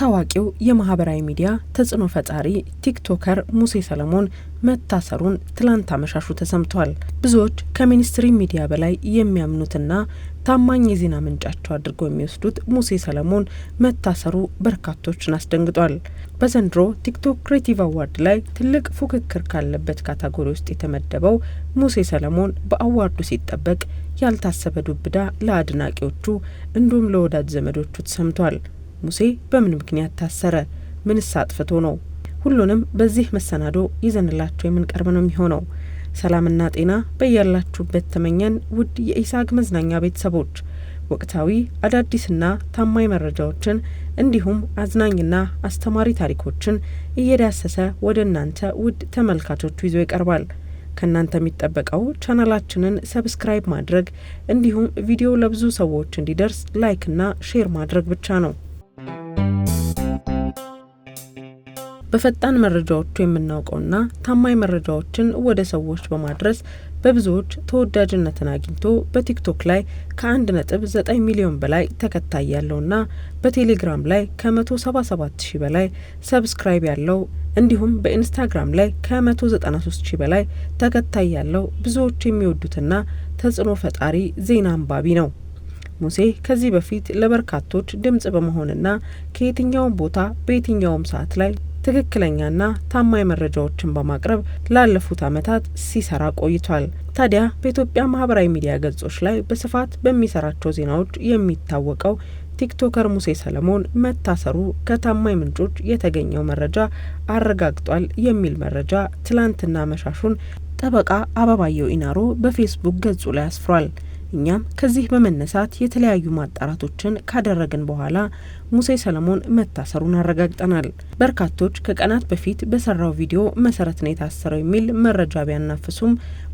ታዋቂው የማህበራዊ ሚዲያ ተጽዕኖ ፈጣሪ ቲክቶከር ሙሴ ሰለሞን መታሰሩን ትላንት አመሻሹ ተሰምቷል። ብዙዎች ከሚኒስትሪ ሚዲያ በላይ የሚያምኑትና ታማኝ የዜና ምንጫቸው አድርገው የሚወስዱት ሙሴ ሰለሞን መታሰሩ በርካቶችን አስደንግጧል። በዘንድሮ ቲክቶክ ክሬቲቭ አዋርድ ላይ ትልቅ ፉክክር ካለበት ካታጎሪ ውስጥ የተመደበው ሙሴ ሰለሞን በአዋርዱ ሲጠበቅ ያልታሰበ ዱብዳ ለአድናቂዎቹ እንዲሁም ለወዳጅ ዘመዶቹ ተሰምቷል። ሙሴ በምን ምክንያት ታሰረ? ምንስ አጥፍቶ ነው? ሁሉንም በዚህ መሰናዶ ይዘንላቸው የምንቀርብ ነው የሚሆነው። ሰላምና ጤና በያላችሁበት ተመኘን። ውድ የኢሳግ መዝናኛ ቤተሰቦች ወቅታዊ አዳዲስና ታማኝ መረጃዎችን እንዲሁም አዝናኝና አስተማሪ ታሪኮችን እየዳሰሰ ወደ እናንተ ውድ ተመልካቾቹ ይዞ ይቀርባል። ከእናንተ የሚጠበቀው ቻናላችንን ሰብስክራይብ ማድረግ እንዲሁም ቪዲዮ ለብዙ ሰዎች እንዲደርስ ላይክና ሼር ማድረግ ብቻ ነው። በፈጣን መረጃዎቹ የምናውቀውና ታማኝ መረጃዎችን ወደ ሰዎች በማድረስ በብዙዎች ተወዳጅነትን አግኝቶ በቲክቶክ ላይ ከ ነጥብ ሚሊዮን በላይ ተከታይ ያለውና በቴሌግራም ላይ ከ177 በላይ ሰብስክራይብ ያለው እንዲሁም በኢንስታግራም ላይ ከ 193 ሺ በላይ ተከታይ ያለው ብዙዎች የሚወዱትና ተጽዕኖ ፈጣሪ ዜና አንባቢ ነው። ሙሴ ከዚህ በፊት ለበርካቶች ድምጽ በመሆንና ከየትኛውም ቦታ በየትኛውም ሰዓት ላይ ትክክለኛና ታማኝ መረጃዎችን በማቅረብ ላለፉት ዓመታት ሲሰራ ቆይቷል። ታዲያ በኢትዮጵያ ማህበራዊ ሚዲያ ገጾች ላይ በስፋት በሚሰራቸው ዜናዎች የሚታወቀው ቲክቶከር ሙሴ ሰለሞን መታሰሩ ከታማኝ ምንጮች የተገኘው መረጃ አረጋግጧል የሚል መረጃ ትላንትና መሻሹን ጠበቃ አበባየው ኢናሮ በፌስቡክ ገጹ ላይ አስፍሯል። እኛም ከዚህ በመነሳት የተለያዩ ማጣራቶችን ካደረግን በኋላ ሙሴ ሰለሞን መታሰሩን አረጋግጠናል። በርካቶች ከቀናት በፊት በሰራው ቪዲዮ መሰረት ነው የታሰረው የሚል መረጃ ቢያናፍሱም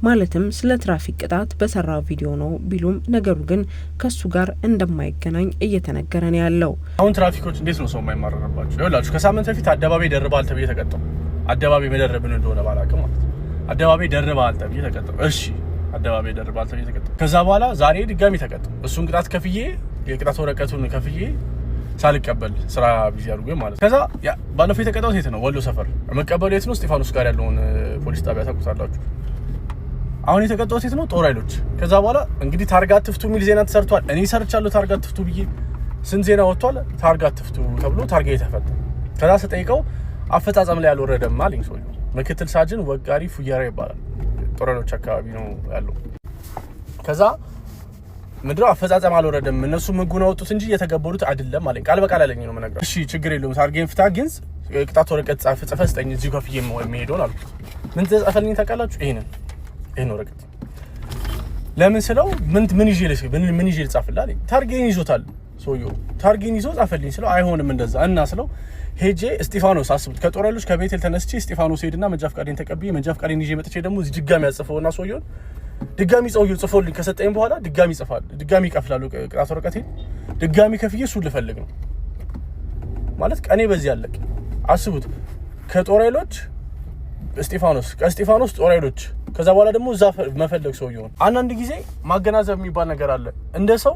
ማለትም ስለ ትራፊክ ቅጣት በሰራው ቪዲዮ ነው ቢሉም ነገሩ ግን ከሱ ጋር እንደማይገናኝ እየተነገረ ነው ያለው። አሁን ትራፊኮች እንዴት ነው ሰው የማይማረርባቸው? ይኸውላችሁ ከሳምንት በፊት አደባባይ ደርበሃል ተብዬ ተቀጠው። አደባባይ መደረብን እንደሆነ ባላቅም ማለት አደባባይ ደርበሃል ተብዬ ተቀጠው። እሺ አደባባይ ደርባል ተብዬ ተቀጣ። ከዛ በኋላ ዛሬ ድጋሚ ተቀጣ። እሱን ቅጣት ከፍዬ የቅጣት ወረቀቱን ከፍዬ ሳልቀበል ስራ ቢዚ አድርጎ ማለት ከዛ ባለፈው የተቀጣው ሴት ነው ወሎ ሰፈር መቀበሉ የት ነው እስጢፋኖስ ጋር ያለውን ፖሊስ ጣቢያ ታውቁታላችሁ። አሁን የተቀጣው ሴት ነው ጦር ኃይሎች። ከዛ በኋላ እንግዲህ ታርጋ ትፍቱ የሚል ዜና ተሰርቷል። እኔ ሰርቻለሁ ታርጋ ትፍቱ ብዬ ስንት ዜና ወጥቷል። ታርጋ ትፍቱ ተብሎ ታርጋ የተፈታ ከዛ ስጠይቀው አፈጻጸም ላይ ያልወረደም አለኝ ሰውዬው። ምክትል ሳጅን ወጋሪ ፉያራ ይባላል። ጦረኖች አካባቢ ነው ያለው። ከዛ ምንድነው አፈጻጸም አልወረደም። እነሱ ምጉን አወጡት እንጂ እየተገበሩት አይደለም አለኝ። ቃል በቃል አለኝ ነው መነግረው። እሺ ችግር የለውም ታርጌን ፍታ፣ ግንዝ ቅጣት ወረቀት ጻፍ ጽፈ ስጠኝ፣ እዚሁ ከፍዬ የሚሄደውን አልኩት። ምን ተጻፈልኝ ታውቃላችሁ? ይሄንን ይሄን ወረቀት ለምን ስለው ምን ምን ይዤ ልጻፍልህ አለኝ። ታርጌን ይዞታል ሰውዬው ታርጊን ይዞ ጻፈልኝ ስለው አይሆንም እንደዛ እና ስለው ሄጄ እስጢፋኖስ አስቡት፣ ከጦረሎች ከቤቴል ተነስቼ እስጢፋኖስ ሄድና መንጃ ፍቃዴን ተቀብዬ መንጃ ፍቃዴን ይዤ መጥቼ ደግሞ እዚህ ድጋሚ ያጽፈውና ሰውዬውን ድጋሚ ሰውዬው ጽፎልኝ ከሰጠኝ በኋላ ድጋሚ ይጽፋል፣ ድጋሚ ይቀፍላሉ ቅጣት ወረቀቴን ድጋሚ ከፍዬ እሱን ልፈልግ ነው ማለት ቀኔ በዚህ አለቅ። አስቡት ከጦረሎች እስጢፋኖስ ከእስጢፋኖስ ጦራይሎች ከዛ በኋላ ደግሞ እዛ መፈለግ ሰው ይሆን። አንዳንድ ጊዜ ማገናዘብ የሚባል ነገር አለ። እንደ ሰው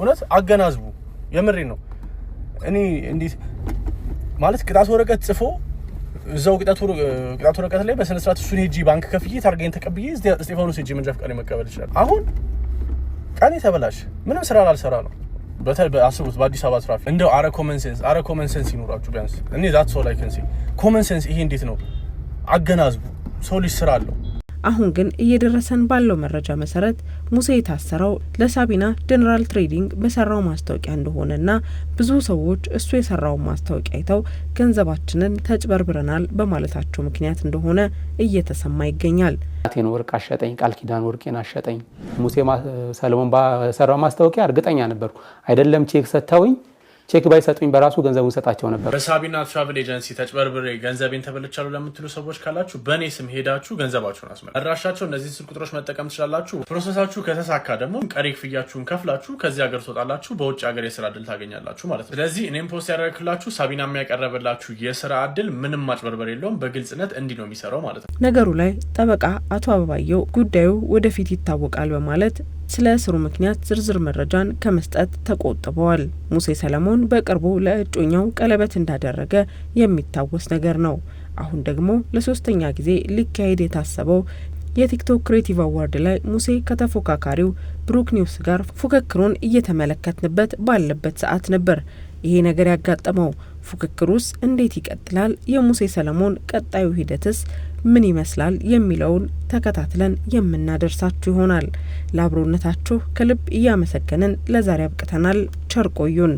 እውነት አገናዝቡ። የምሬ ነው። እኔ እንዴት ማለት ቅጣት ወረቀት ጽፎ እዛው ቅጣት ወረቀት ላይ በስነ ስርዓት እሱን ሄጂ ባንክ ከፍዬ ታርጋኝ ተቀብዬ እስጢፋኖስ ሄጂ መንጃ ፈቃድ መቀበል ይችላል። አሁን ቀኔ ተበላሽ፣ ምንም ስራ ላልሰራ ነው። በአስቡት በአዲስ አበባ ትራፊክ እንደው አረ ኮመን ሴንስ አረ ኮመን ሴንስ ይኖራችሁ ቢያንስ እኔ ዛት ሰው ላይ ከንሴ ኮመን ሴንስ ይሄ እንዴት ነው አገናዝቡ። ሰው ልጅ ስራ አለው አሁን ግን እየደረሰን ባለው መረጃ መሰረት ሙሴ የታሰረው ለሳቢና ጀኔራል ትሬዲንግ በሰራው ማስታወቂያ እንደሆነና ብዙ ሰዎች እሱ የሰራውን ማስታወቂያ አይተው ገንዘባችንን ተጭበርብረናል በማለታቸው ምክንያት እንደሆነ እየተሰማ ይገኛል። ቴን ወርቅ አሸጠኝ፣ ቃል ኪዳን ወርቄን አሸጠኝ። ሙሴ ሰለሞን በሰራው ማስታወቂያ እርግጠኛ ነበርኩ። አይደለም ቼክ ሰጥተውኝ ቼክ ባይሰጡኝ በራሱ ገንዘቡን ሰጣቸው ነበር። በሳቢና ትራቭል ኤጀንሲ ተጭበርብሬ ገንዘቤን ተበልቻሉ ለምትሉ ሰዎች ካላችሁ በእኔ ስም ሄዳችሁ ገንዘባችሁን አስመ አድራሻቸው እነዚህ ስልክ ቁጥሮች መጠቀም ትችላላችሁ። ፕሮሰሳችሁ ከተሳካ ደግሞ ቀሪ ክፍያችሁን ከፍላችሁ ከዚህ ሀገር ትወጣላችሁ፣ በውጭ ሀገር የስራ እድል ታገኛላችሁ ማለት ነው። ስለዚህ እኔም ፖስት ያደረግላችሁ ሳቢና የሚያቀረበላችሁ የስራ እድል ምንም ማጭበርበር የለውም፣ በግልጽነት እንዲህ ነው የሚሰራው ማለት ነው። ነገሩ ላይ ጠበቃ አቶ አበባየው ጉዳዩ ወደፊት ይታወቃል በማለት ስለ እስሩ ምክንያት ዝርዝር መረጃን ከመስጠት ተቆጥበዋል። ሙሴ ሰለሞን በቅርቡ ለእጮኛው ቀለበት እንዳደረገ የሚታወስ ነገር ነው። አሁን ደግሞ ለሶስተኛ ጊዜ ሊካሄድ የታሰበው የቲክቶክ ክሬቲቭ አዋርድ ላይ ሙሴ ከተፎካካሪው ብሩክ ኒውስ ጋር ፉክክሩን እየተመለከትንበት ባለበት ሰዓት ነበር ይሄ ነገር ያጋጠመው። ፉክክሩስ እንዴት ይቀጥላል? የሙሴ ሰለሞን ቀጣዩ ሂደትስ ምን ይመስላል? የሚለውን ተከታትለን የምናደርሳችሁ ይሆናል። ለአብሮነታችሁ ከልብ እያመሰገንን ለዛሬ አብቅተናል። ቸር ቆዩን።